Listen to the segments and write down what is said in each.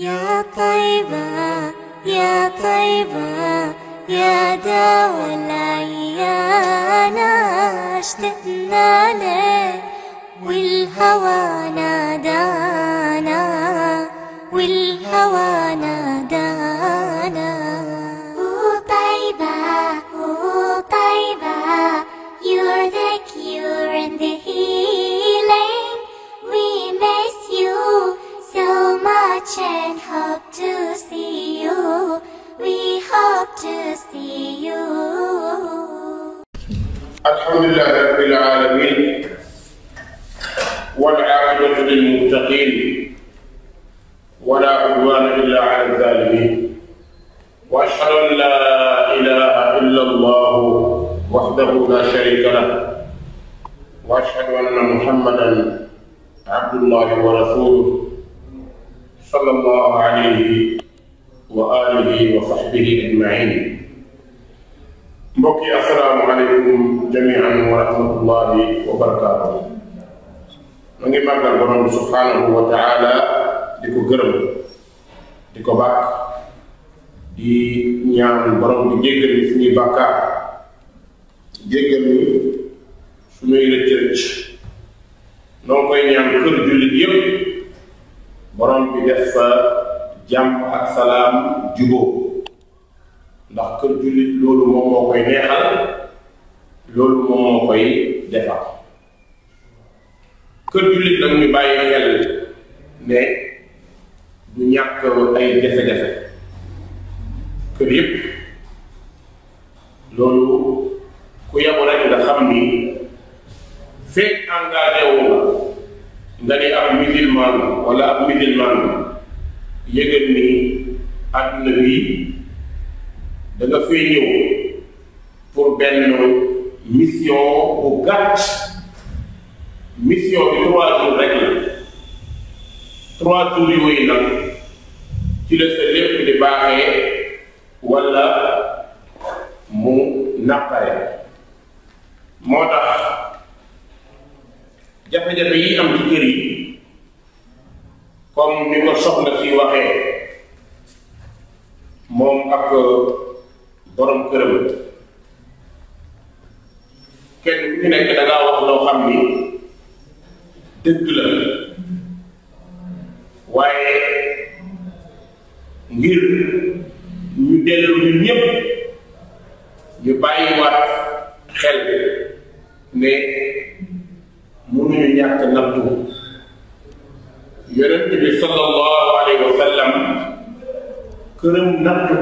يا طيبة يا طيبة يا دوا العيان اشتقنا لك والهوى نادانا والهوى نادانا much and hope to see you. We hope to see you. الحمد لله رب العالمين والعاقبة للمتقين ولا عدوان إلا على الظالمين وأشهد أن لا إله إلا الله وحده لا شريك له وأشهد أن محمدا عبد الله ورسوله sallallahu alayhi wa wa sahbihi ajmain mbokk yi asalaamualeykum jamian wa rahmatullahi wa barakatuh ma ngi màggal borom wa taala di ko gërëm di di ñaan borom di jéggal ñu suñuy bàkkaar jéggal ñu noo koy ñaan kër jullit borom bi def fa jàmm ak salaam jubóo ndax kër jullit loolu moom moo koy neexal loolu moom moo koy defar kër jullit nag ñu bàyyi xel ne du ñàkk ay jafe-jafe kër yépp loolu ku yabu rek nga xam ni fekk engagé wu nga ne ab musulmaan la wala ab musulmaan ni àdduna bi da nga pour benn mission bu gàtt mission bi trois jours rek la trois jours yooyu nag ci la sa lépp di baaxee wala mu naqare moo tax jafe-jafe yi am ci kër yi comme ni ko soxna fi waxee moom ak borom këram kenn ku ci nekk da ngaa wax loo xam ni dëgg waaye ngir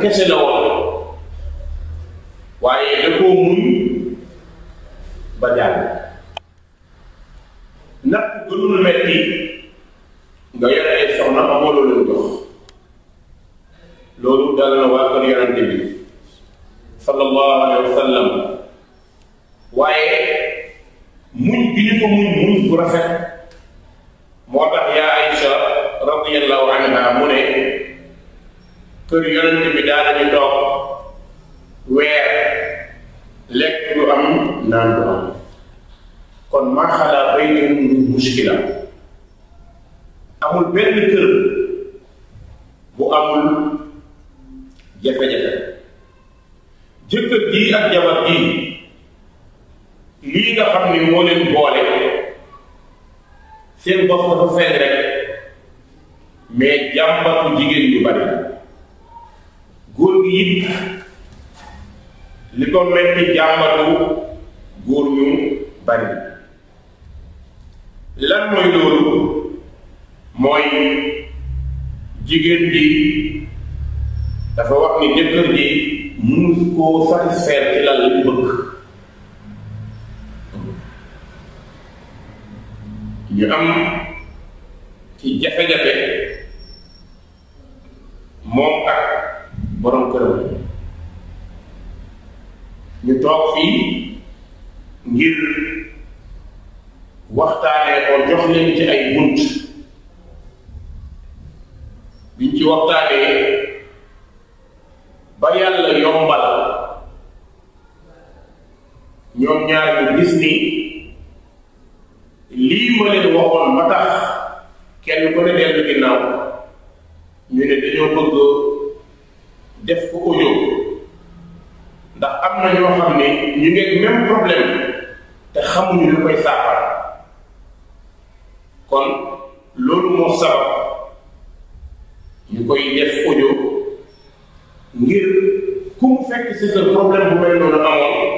kese daanañu toog weer lekk du am naan du am kon marxala baynahum min muskila amul benn kër bu amul jafe jëkkër jii ak jabar jii lii nga xam ni moo leen boole seen bopp dafa feeñ rek mais jàmbatu jigéen ñu bari góor gi it li ko metti jàmbatu góor ñu bari lan mooy loolu mooy jigéen bi dafa wax ni jëkkër ji mënu koo satisfaire ci lan lañ bëgg ñu am ci jafe-jafe moom ak borom këram ñu toog fii ngir waxtaanee ko jox leen ci ay bunt biñ ci waxtaanee ba yàlla yombal ñoom ñaar ñu gis ni lii ma leen waxoon ba tax kenn ku ne dellu ginnaaw ñu ne dañoo bëgg def ko audio ndax am na ñoo xam ne ñu ngi même problème te xamuñu lu koy saafara kon loolu moo sabab ñu koy def audio ngir ku mu fekk si sa problème bu mel noonu amoon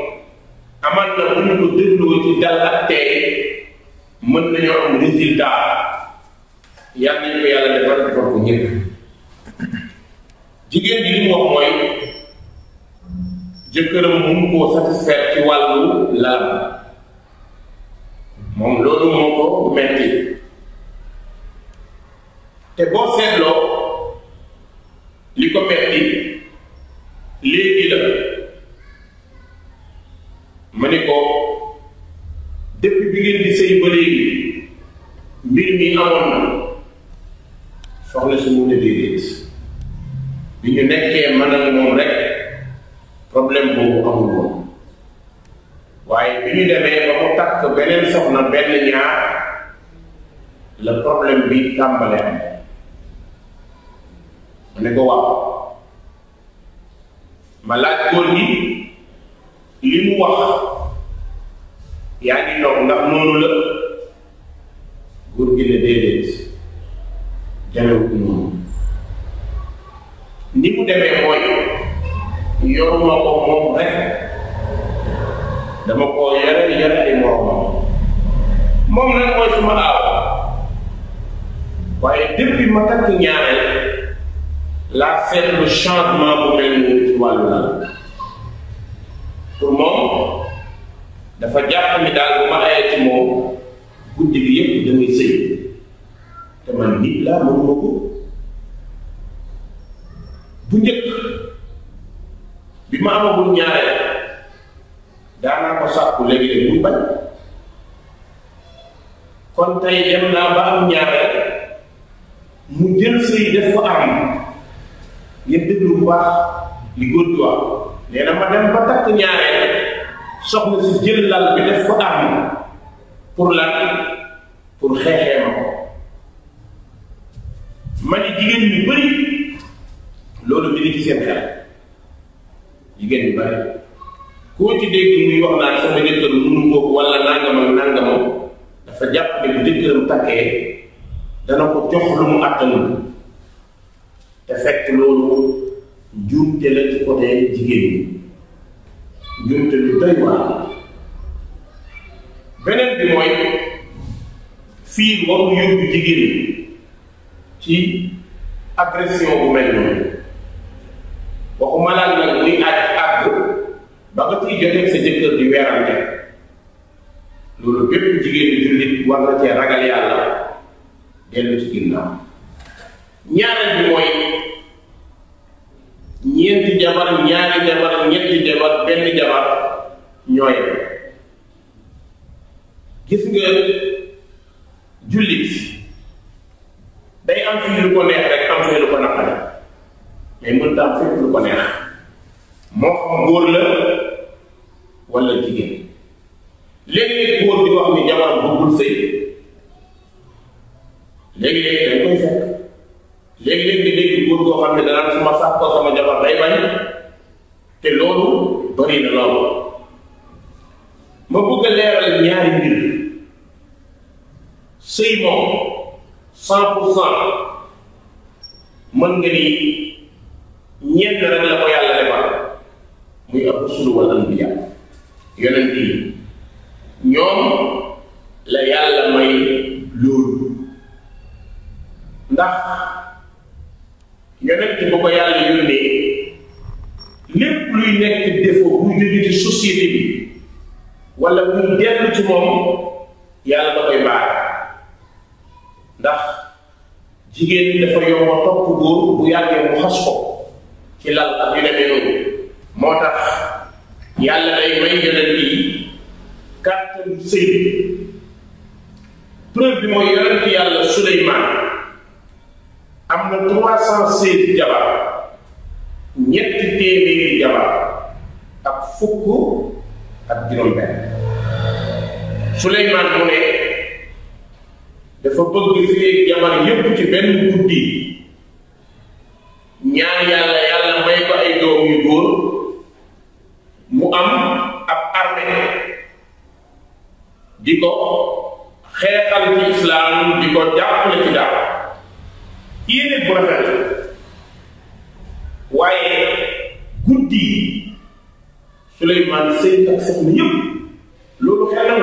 amal na bu ñu ko dégloo ci dal ak tey mën nañoo am résultat yàlla nañu ko yàlla defal defal ko ñëpp. jigéen bi li mu wax mooy jëkkëram mun koo satisfaire ci wàllu laal moom loolu moo ko metti te boo seetloo li ko metti léegi la ma ni ko depuis bi ngeen di sëy mbir mi amoon na soxla si mu ne bi ñu nekkee man ak moom rek problème boobu amul woon waaye bi ñu demee ba mu takk beneen soxna benn ñaar la problème bi tàmbalee am mu ne ko waaw ma laaj góor gi li mu wax yaa ngi toog ndax noonu la góor gi ne déedéet demewut noonu ni mu demee mooy yoruma ko moom rek dama koo yore yore ay moromam moom nag mooy suma aaw waaye depuis ma takk ñaareel laa seetlu changement bu mel ni ci wàllu la moom dafa jàpp ni daal bu ma ayee ci moom guddi gi yëpp damay sëy te man nit laa mënuma ko bu njëkk bi ma amagul ñaareel daanaa ko sàkku léegi muy bañ kon tey dem naa ba am ñaareel mu jël sëy def ko am ngeen déglu bu baax li góor gi wax nee na ma dem ba takk ñaareel soxna si jël lal bi def ko am pour lan pour xeexee ma ko ma ni jigéen ñu bëri loolu mi ngi ci seen xel jigéen ñi bari koo ci dégg muy wax naan sama jëkkër mënu ko wala nangamam nangamam dafa jàpp ne bu jëkkëram takkee dana ko jox lu mu àttanul te fekk loolu njuumte la ci côté jigéen ñi njuumte lu doy waar beneen bi mooy fii warul yóbbu jigéen ñi ci agression bu mel noonu bépp jigéen jullit war na cee ragal yàlla dellu ci ginnaaw ñaareel bi mooy ñeenti jabar ñaari jabar ñetti jabar benn jabar ñooy gis nga jullit day am fii lu ko neex rek am fii lu ko naqari mais mën ta am lu ko neex moo xam góor la sëy moom cent pour cent mën nga ni ñenn rek la ko yàlla defal muy ab rusulu wal anbiya yonent yi ñoom la yàlla may loolu ndax yonent bu ko yàlla yónnee lépp luy nekk défaut bu jóge ci société bi wala bu dellu ci moom yàlla da koy baax ndax jigéen ñi dafa yomb a topp góor bu yàggee mu xas ko ci lal ak yu demee noonu moo tax yàlla day may yonent yi kàttan sëy preuve bi mooy yonent yàlla Suleymaan am na trois cent seize jabar ñetti téeméeri jabar ak fukk ak juróom benn Suleymaan mu ne dafa bëgg seen jabar yépp ci benn guddi ñaan yàlla yàlla may ko ay doom yu góor mu am ab armée di ko xeexal ci islaam di ko jàppale ci daal yéene bu rafet waaye guddi Suleymaan sëy ak soxna yépp loolu xel la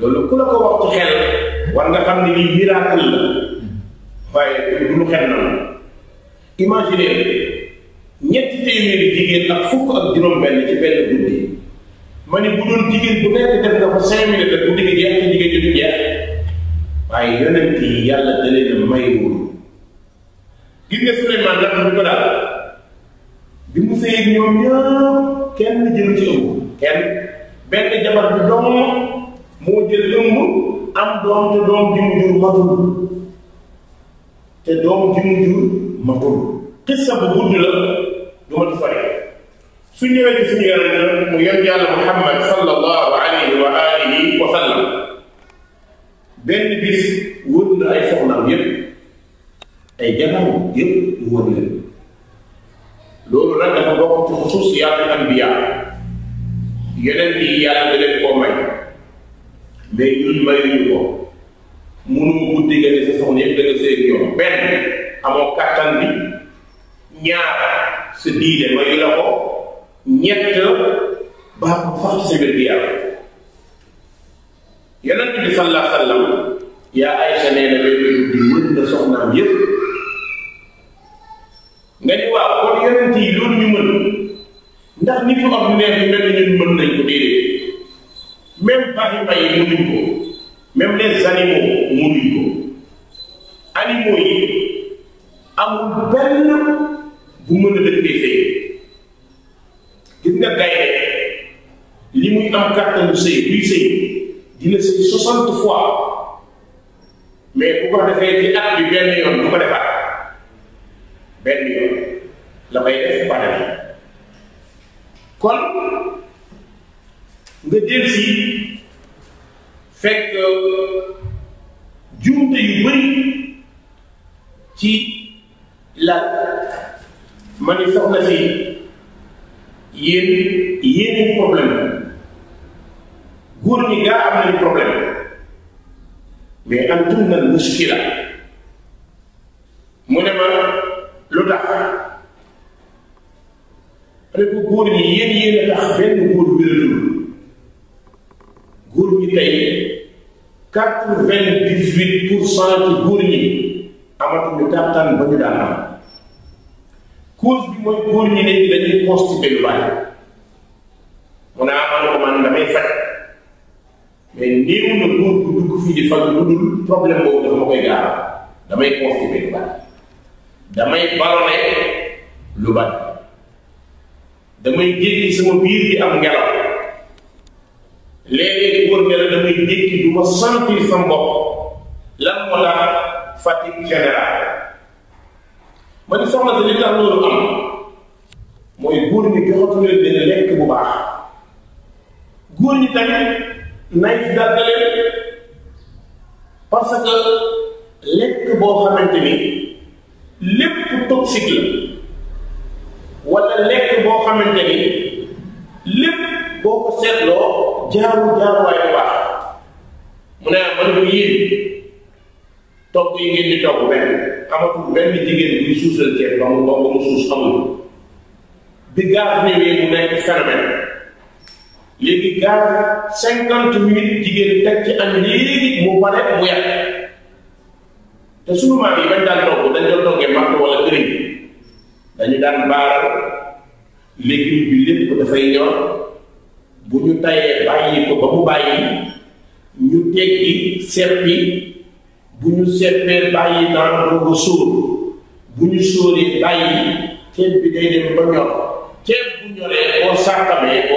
loolu ku la ko wax ci xel war nga xam ne lii miracle la waaye du lu xel na imaginez ñetti téeméeri jigéen ak fukk ak juróom-benn ci benn guddi ma ni bu doon jigéen bu nekk def nga fa cinq minutes bu jigéen ju du jeex waaye yonent yi yàlla da leen may loolu gis nga Suleymaan nag ñu ko bi mu sëyeeg ñoom ñëpp kenn jëlu ci ëmb kenn benn jabar bi dong moo jël ëmb am doom te doom ji mu jur matul te doom ji mu jur matul xissa bu gudd la du ma ci fare su ñëwee ci suñu yàlla mu yon yàlla muhammad sallallahu alayhi wa alihi wa sallam benn bis wër na ay soxnaam yépp ay janaw yépp mu wër leen loolu nag dafa bokk ci xusuus yàlla anbiya yeneen yi yàlla da leen koo may mais ñun mayuñu ko mënoo guddi nga sa soxna yëpp da nga seeg ñoom benn amoo kattan bi ñaar sa diine mayu ko ñett baaxul sax ci wér gi yàlla yonent bi sallallahu sallam yaa Aysa nee na bépp guddi mën na soxnaam yëpp les animaux munuñ ko animaux yi amul benn bu mën a dëkkee fee gis nga gaye li muy am kàttanu sëy luy sëy dina sëy soixante fois mais bu ko defee ci at bi benn yoon du ko defaat benn yoon la koy def pare kon nga del si fekk jumte yu bëri ci laaj ma ni soxna si yéen yéen problème góor ñi gaa am nañu problème mais am tun na muskila mu ne ma lu tax rek góor ñi yéen yéen a tax benn góor wératul quatre-vingt-dix-huit pour cent ci góor ñi amatuñu kàttan ba ñu daan am cause bi mooy góor ñi ne dañuy constipé lu bari mu ne amal ah, ko man damay faj mais néew na góor bu dugg fii di faj lu dul problème boobu dafa ma koy gaaral damay constipé lu bari damay ballonné lu bari damay jéggi sama biir di am ngelaw léeg-léeg góor ne la damay jékki du ma sentir sa bopp lan moo la fatigue générale ma di soxna si li tax loolu am mooy góor ñi joxatu leen benn lekk bu baax góor ñi tamit nay dàggale parce que lekk boo xamante ni lépp toxique la wala lekk boo xamante ni lépp boo ko seetloo jaamu jaamuwaay bu baax mu ne man bu yéen togg yi ngeen di togg benn amatul benn jigéen buy suusal ceeb ba mu ba mu suus amul bi gaz ñëwee mu nekk phénomène léegi gaz cinquante minutes jigéen teg ci am mu pare mu yàq te suñu maam yi bañ daan togg dañ doon toggee màtt wala këriñ dañu daan baaral légume bi lépp dafay ñor bu ñu tayee bàyyi ko ba mu bàyyi ñu teggi seppi bu ñu seppee bàyyi naan boobu sóor bu ñu sóoree bàyyi ceeb bi day dem ba ñor ceeb bu ñoree boo sàkkamee a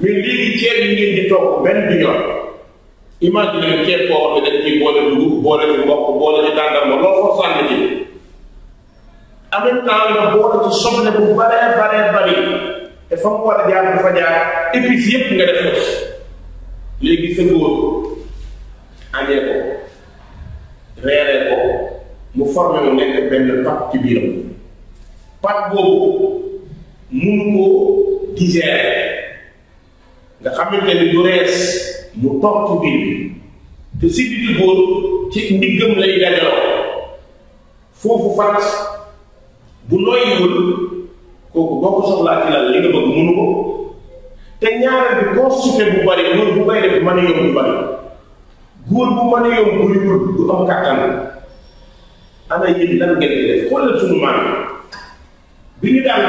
des mais léegi ceeb yi boo xam dañ ciy boole dugub boole ci mboq boole ci tàndarma loo ko sànni ci en même temps boole ci soble bu baree baree bari te fa mu war a jaar dafa jaar épices yëpp nga def ko léegi sa góor ko reeree ko mu formé mu nekk benn pat ci biiram pat boobu munu koo digérer nga xamante ni du rees mu toog biir bi te si biir góor ci ndiggam lay dajaloo foofu fat bu noyyiwul kooku boo ko soxlaa ci lal li nga ko te ñaareel bi consulté bu bari loolu bu koy def mën a yomb bu bari góor bu mën a yomb buy wut du am kàttan ana yéen lan ngeen di def xoolal suñu maam bi ñu daan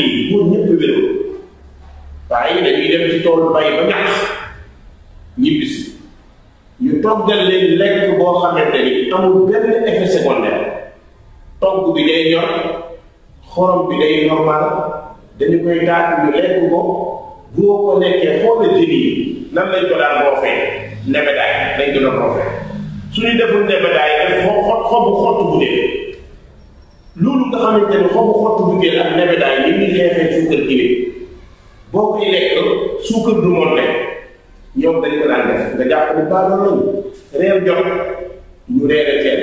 yi góor ñëpp wéro waaye dañuy dem ci toolu bay ba ñax ñu toggal leen lekk boo xamante ni amul benn effet secondaire togg bi day ñor xorom bi day normal dañu koy daal ñu lekk ko boo ko lekkee xoola jën yi nan lañ ko daan roofee nebedaay lañ ko doon roofee suñu deful nebedaay def xo xobu xottu bu dee xamante ne xobu xottu ak nebedaay li ñuy xeexee suukar gi boo koy lekk suukar du moon ne ñoom dañ ko daan def nga jàpp ne baaloon lañu reer jot ñu reere teel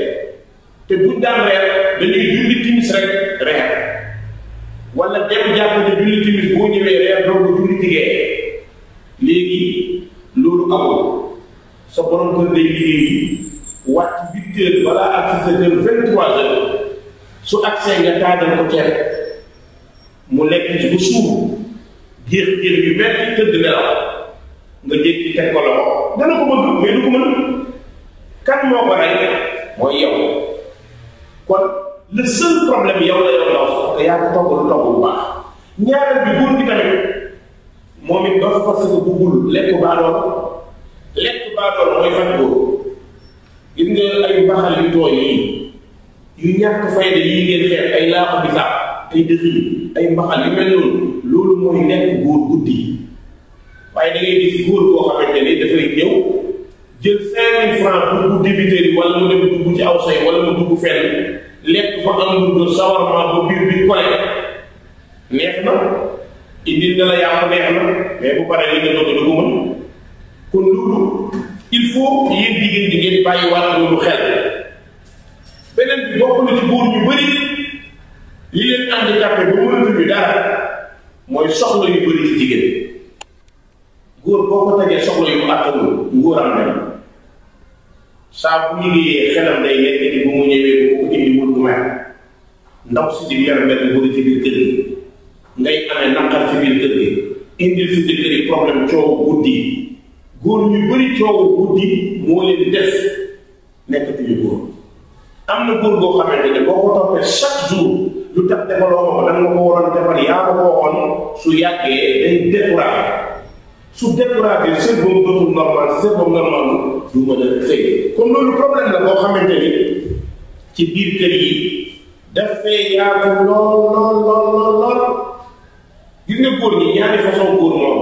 te du daan reer dañuy julli timis rek reer wala dem jàpp ne julli timis boo ñëwee reer doogu julli tigee léegi loolu amul sa borom kër day liggéey wàcc huit heures balaa ak sa kër vingt trois heures su agsee nga taajal ko ceeb mu lekk ci bu suur géex géex yu metti tëdd nelaw nga jékki teg ko loxo dana ko bëgg mais du ko mën kan moo ko mooy yow kon le seul problème yow la yow ndaw parce que yaa ngi togg togg bu baax ñaareel bi góor gi tamit moom it dof parce que buggul lekk baadoon lekk baadoon mooy faj góor ay baxal yu tooy guddi waaye da ngay góor koo xamante ni dafay ñëw jël cinq mille francs pour bu débuter wala mu dem dugg ci aw say wala mu dugg fenn lekk fa hamburger shawarma ba biir bi kole neex na indil na la yàpp neex na mais bu paree li nga doog a dugg mën kon loolu il faut yéen jigéen di ngeen bàyyi wàll loolu xel beneen bi bokk ci góor ñu bëri li leen handicapé ba mënatu ñu dara mooy soxla yu bëri ci jigéen góor boo ko tegee soxla yu mu àttanul ngóoram dem saa bu liggéeyee xelam day nekk indi wul bu mel ndaw si di yar benn bu ci biir kër gi ngay amee naqar ci biir kër gi indil problème coow guddi góor ñu bëri coow guddi moo leen def nekkatuñu góor am na góor boo xamante ne boo ko toppee chaque jour lu tax defaloo ko da nga ko waroon defal yaa ko waxoon su yàggee day su découragé cerveau dootul kon loolu problème la boo xamante ni ci biir kër yi dafay yaatu lool lool lool lool lool gis nga góor ñi ñaari façon góor moom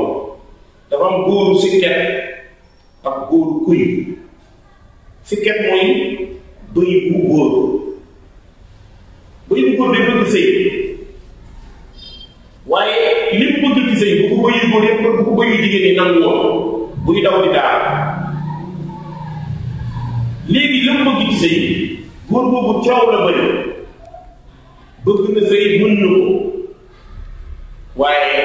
dafa am góoru sikket ak góoru kuy sikket mooy bëy bu góor bëy bu góor day bëgg sëy waaye li bëgg sëy bu ko bëyu góor bu ko bëyu jigéen yi nangu woon buy daw di daal léegi li bëgg sëy góor boobu coow la bëri bëgg na sëy mën na waaye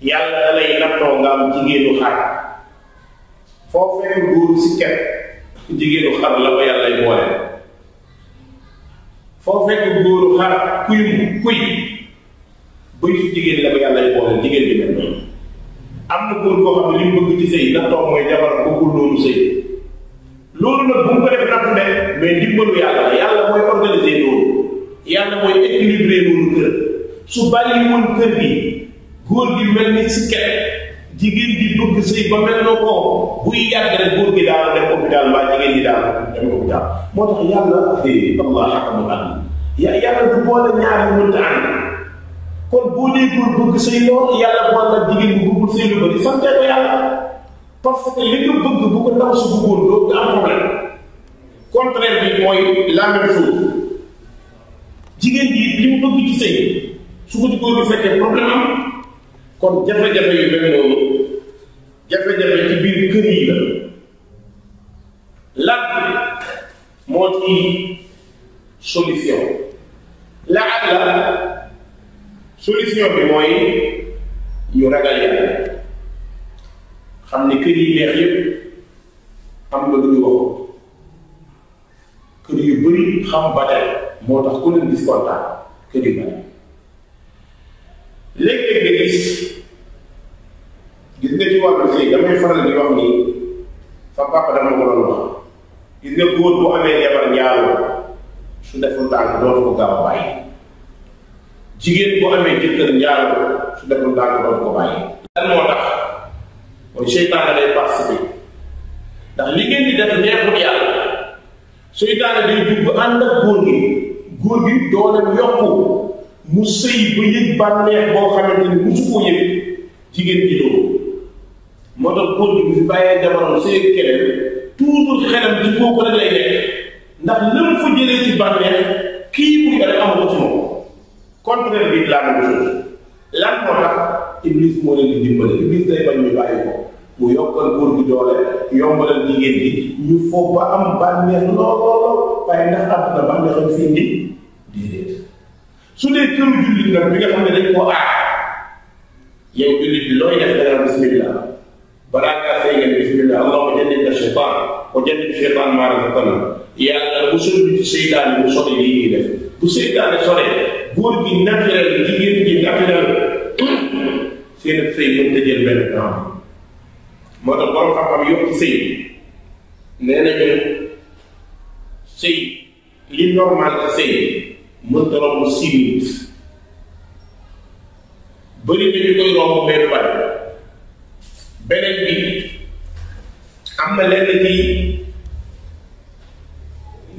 yàlla lay nattoo nga am jigéenu xar foo fekk góor si ket jigéenu xar la ko yàlla boole foo fekk góoru xar kuy kuy bëy jigéen la ko yàlla boole jigéen bi mel noonu am na góor koo xam ne li mu ci sëy nattoo mooy jabar bëggul noonu sëy loolu nag bu mu ko def nattu ne mais dimbalu yàlla la yàlla mooy organiser loolu yàlla mooy équilibrer loolu kër su bàyyi kër gi góor gi mel ni sikket jigéen gi dugg sëy ba mel na ko buy yàgg rek góor gi daal dem hôpital mbaa jigéen gi daal dem hôpital moo tax yàlla eh allah xakamul ànd ya yàlla du boole ñaari mënta ànd kon boo dee góor bëgg sëy lool yàlla boole jigéen bu bëggul sëy lu bëri santee ko yàlla parce que li nga bëgg bu ko ndaw su bëggoon doo nga problème contraire bi mooy la même chose jigéen bi li mu bëgg ci sëy su ko ci góor fekkee problème am kon jafe-jafe yu mel noonu jafe-jafe ci biir kër yi la lan moo ci solution la ak la solution bi mooy ñu ragal yàlla xam ne kër yi neex yëpp am nga lu ñu waxoon kër yu bëri xam ba tey moo tax ku leen gis kontaan kër yu bëri léeg-léeg nga gis gis nga ci wàllu sëy damay faral di wax nii sa papa dama ko wax gis nga góor bu amee jabar ñaaroo su deful tànk dootu ko gaaw bàyyi jigéen bu amee jëkkër ñaaroo su deful tànk dootu ko bàyyi lan moo tax mooy seytaane day participé ndax li ngeen di def neexut yàlla seytaane day dugg ànd ak góor gi góor gi dooleem yokku mu sëy ba yëg bànneex boo xamante ni musu ko yëg jigéen ji loolu moo tax góor gi bu fi bàyyee jabaram sëy keneen toujours xelam ci kooku rek lay nekk ndax lëm fa jëlee ci bànneex kii bu nga def ko ci moom contraire bi laa la moo tax iblis moo leen di dimbale iblis day bañ ñu bàyyi ko mu yokkal góor gi doole yombalal jigéen bi ñu foog ba am bànneex lool lool waaye ndax àdduna bànneex ak fi indi déedéet su dee këru jullit nag bi nga xam ne dañ koo aar yow jullit bi looy def danga bismillah balaa ngaa fay ngeen bismillah allahumma jannibna shaytaan wa jannib shaytaan maa razaqtana yàlla bu sori ci seytaane bu sori lii ñuy def bu seytaane sori góor gi naturel jigéen gi naturel seen ak sëy mën na jël benn temps moo tax borom xam-xam yëpp sëy nee nañu sëy li normal sëy mënta romb six minutes bëri na ñu koy romb benn bari beneen bi am na lenn ci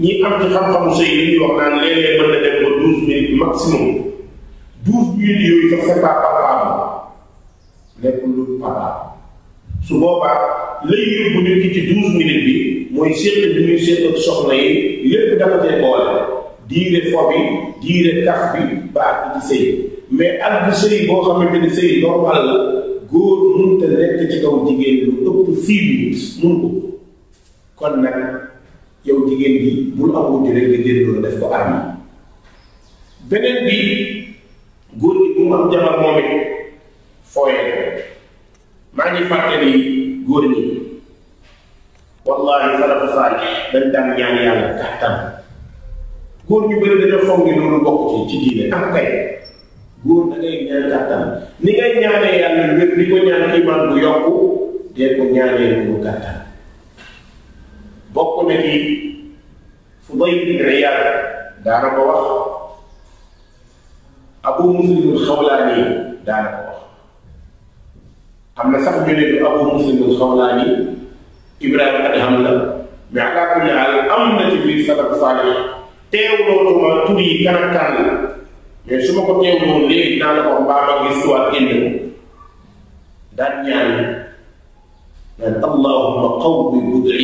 ñi am ci xam-xamu sëy li ñuy wax naan mën na dem ba douze minutes maximum douze minutes yooyu sax c'est pas papa lu papa su boobaa lay yóbbu nit ki ci douze minutes bi mooy séq bi muy séq ak soxna yi lépp dafa cee boole diire fo diire kaf bi ba àgg ci sëy mais àgg sëy boo xamante ni sëy normal la góor mënta nekk ci kaw jigéen lu ëpp six minutes mun ko kon nag yow jigéen bi bul amul di rek nga loolu def ko armi beneen bi góor gi bu mu am jabar moom it fooyee maa ngi fàttali góor ñi wallahi salafu saalih dañ ñaan yàlla kàttan góor ñu bëri dañoo foog ni loolu bokk ci ci diine am kay góor da ngay ñaan kàttan ni ngay ñaanee yàlla wér di ko ñaan iman bu yokku dee ko ñaanee loolu kàttan bokk na ci Fudayl bin Iyaad daana ko wax Abu Muslim xawlaani daana xam na sax ñu ne abu muslim xawlaani ibrahima adham la mais ala kulli haal am na ci biir salaf saalih teewlootuma tur yi kanam kan la mais su ko teewloon léegi naa la ko mbaa ma gis waat génn ko daan ñaan naan allahumma qawwi bud'i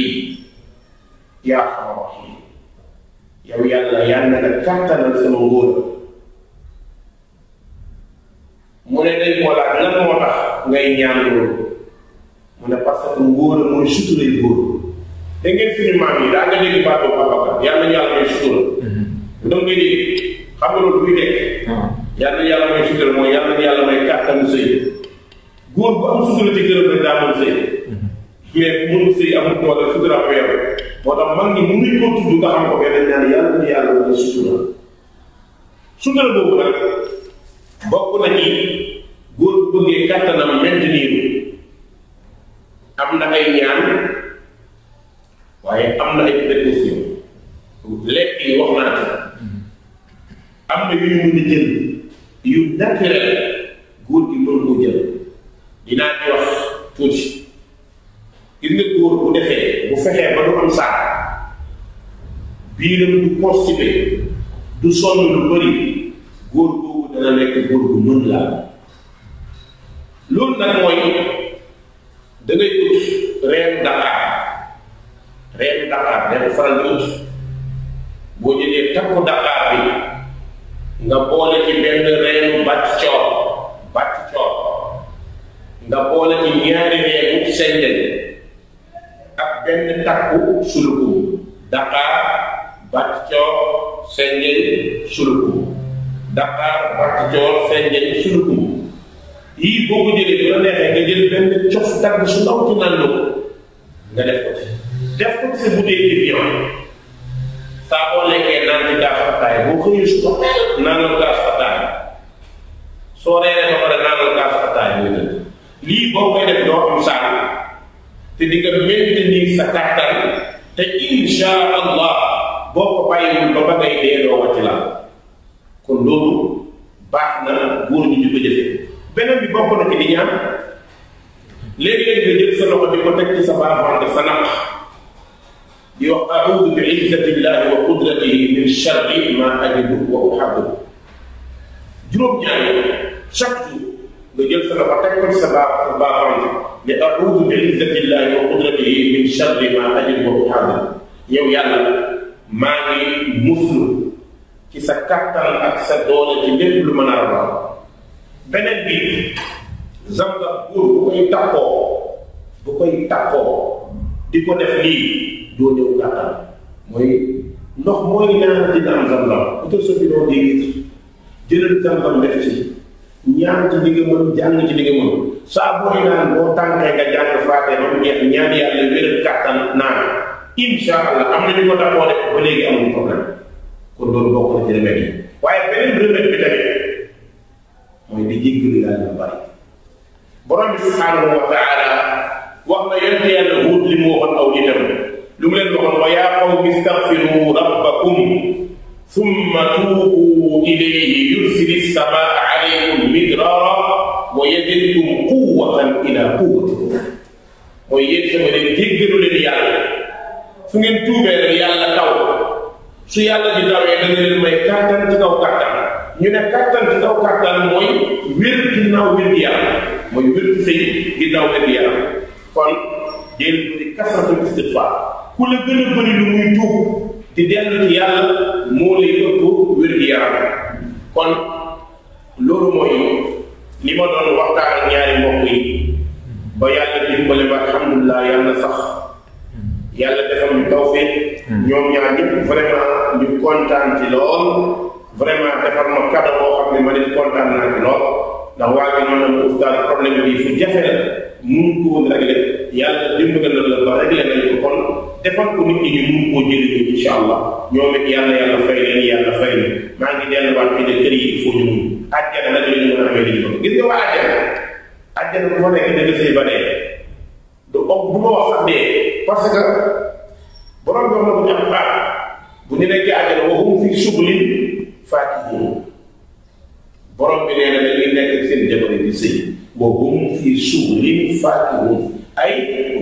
yaa arhamar rahim yow yàlla yàlla na nga kàttanal mu ne dañ ko laaj ngay ñaan loolu mu ne parce que ngóor a mooy suturee góor da ngeen suñu maam yi daa nga dégg baatu Ababacar yàlla na yàlla mooy sutura mm-hmm. da nga dégg xam nga loolu du nekk mm-hmm. yàlla na yàlla mooy sutura mooy yàlla na yàlla mooy kàttanu sëy góor bu am sutura ci gërëm rek daa mën sëy mm-hmm. mais mënu sëy amul wala sutura weer moo tax mag ñi mënuñ koo tudd nga xam ko benn ñaan yàlla na yàlla mooy sutura sutura boobu nag bokk na ci góor bu bëggee kattanam maintenir am na ay ñaan waaye am na ay précaution lekk yi wax naa ko am na yu ñu a jël yu naturel góor gi mën koo jël dinaa ci wax tuuti gis nga góor bu defee bu fexee ba du am saar biiram du constipé du sonn lu bëri góor boobu dana nekk góor bu mën laa loolu nag mooy da ut reenu Dakar reenu Dakar dañu faral ut boo jëlee takku Dakar bi nga boole ci benn reenu bàcc coor bàcc coor nga boole ci ñaari reenu sendel ak benn takku sulukum Dakar bàcc coor sendel sulukum Dakar bàcc coor sendel sulukum yii boo ko jëlee bu la neexee nga jël benn cof dagg su ndaw ci naan nga def def ko ci sa bouteille bi yow saa boo lekkee naan ci kaas fataay boo xëyee suba naanal ba pare naanal kaas fataay muy dëgg lii boo koy def doo di nga maintenir sa kàttan te insha allah boo ko bàyyiwul ba ba ngay dee doo wàcc la kon loolu baax na góor ñi ñu ko beneen bi bokk na ci di ñaan léeg-léeg nga jël sa loxo di ko teg ci sa baaraam def sa naq di wax audu bi izzati llahi wa qudratihi min sharri ma ajidu wa uhadu juróom ñaar yi chaque jour nga jël sa loxo teg ko ci sa baaraam baaraam ne audu bi izzati llahi wa qudratihi min sharri ma ajidu wa uhadu yow yàlla maa ngi muslu ci sa kattan ak sa doole ci lépp lu mën a rabal beneen bi zamzam buur bu koy tàqoo bu koy tàqoo di ko def lii doo néew kàttan mooy ndox mooy naan dina am zamzam utal sa bidon dix litres jëlal zamzam def ñaan ci li nga jàng ci li nga mën naan boo tànkee nga jàng faate ba mu ñaan yàlla wéral kàttan naan insha allah am na ñu ko tàqoo def ba léegi amul problème kon loolu bokk na ci remède yi waaye beneen remède bi tamit mooy di jéggalu yàlla lu bari borom bi subhanahu wa taala wax na yonent yàlla Huud li mu waxoon aw nitam lu mu leen waxoon wa yaa qawmi istaghfiru rabbakum summa tuubu ilayhi yursili samaa alaykum midraara wa yazidkum quwwatan ila quwwatikum mooy yéen sama leen jéggalu leen yàlla su ngeen tuubee rek yàlla taw su yàlla di tawee dana leen may kàttan ci kaw kàttan ñu ne kàttan ci kaw kàttan mooy wér ginnaaw wér gi yaram mooy wér ci sëy ginnaaw wér gi yaram kon deel di kasatul istigfaar ku la gën a bëri muy tuub di dellu ci yàlla moo lay ma doon waxtaan ak ñaari mbokk yi ba yàlla dimbale ba alhamdulilah yàlla sax yàlla defal ñu tawfiq hmm. ñoom ñaar ñëpp vraiment ñu kontaan ci lool vraiment defar ma kado boo xam ma nit kontaan naa ci lool ndax waa noonu la ustaas problème bi fu jafe la mun ko woon réglé yàlla la ba réglé nañ ko kon defal nit ñi ñu mun koo jëriñu incha allah ñoom it yàlla yàlla leen yàlla fay leen maa ngi delluwaat ci ne kër yi il faut ñu mun àjjana nag la ñu mën a amee li ñu gis nga waa àjjana àjjana bu fa nekk dëgg dee du bu ma wax parce que la bu ñu am bu ñu nekkee àjjana waxum fi sublin faatihi borom bi nee na dañuy nekk seen jamono di sëy wa hum fii suulin faakihun ay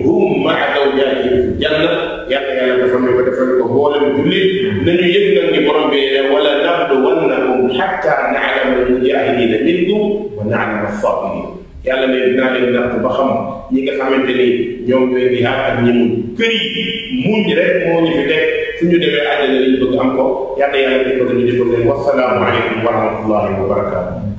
hum maa zawjaatihim janna yàlla yàlla defal ñu ko defal ñu ko mboolem jullit nañu yëg nag ni borom bi nee na wala nabluwannakum xatta naalama almujahidina minkum wa naalama alsabirin yàlla ne dinaa leen natt ba xam ñi nga xamante ni ñoom a jihaad ak ñi muñ kër yi muñ rek moo ñu fi teg fu ñu demee àjjana li ñu bëgg am ko yàlla yàlla ñu bëgg ñu jëfal leen wasalaamu aleykum wa rahmatullahi wa barakaatu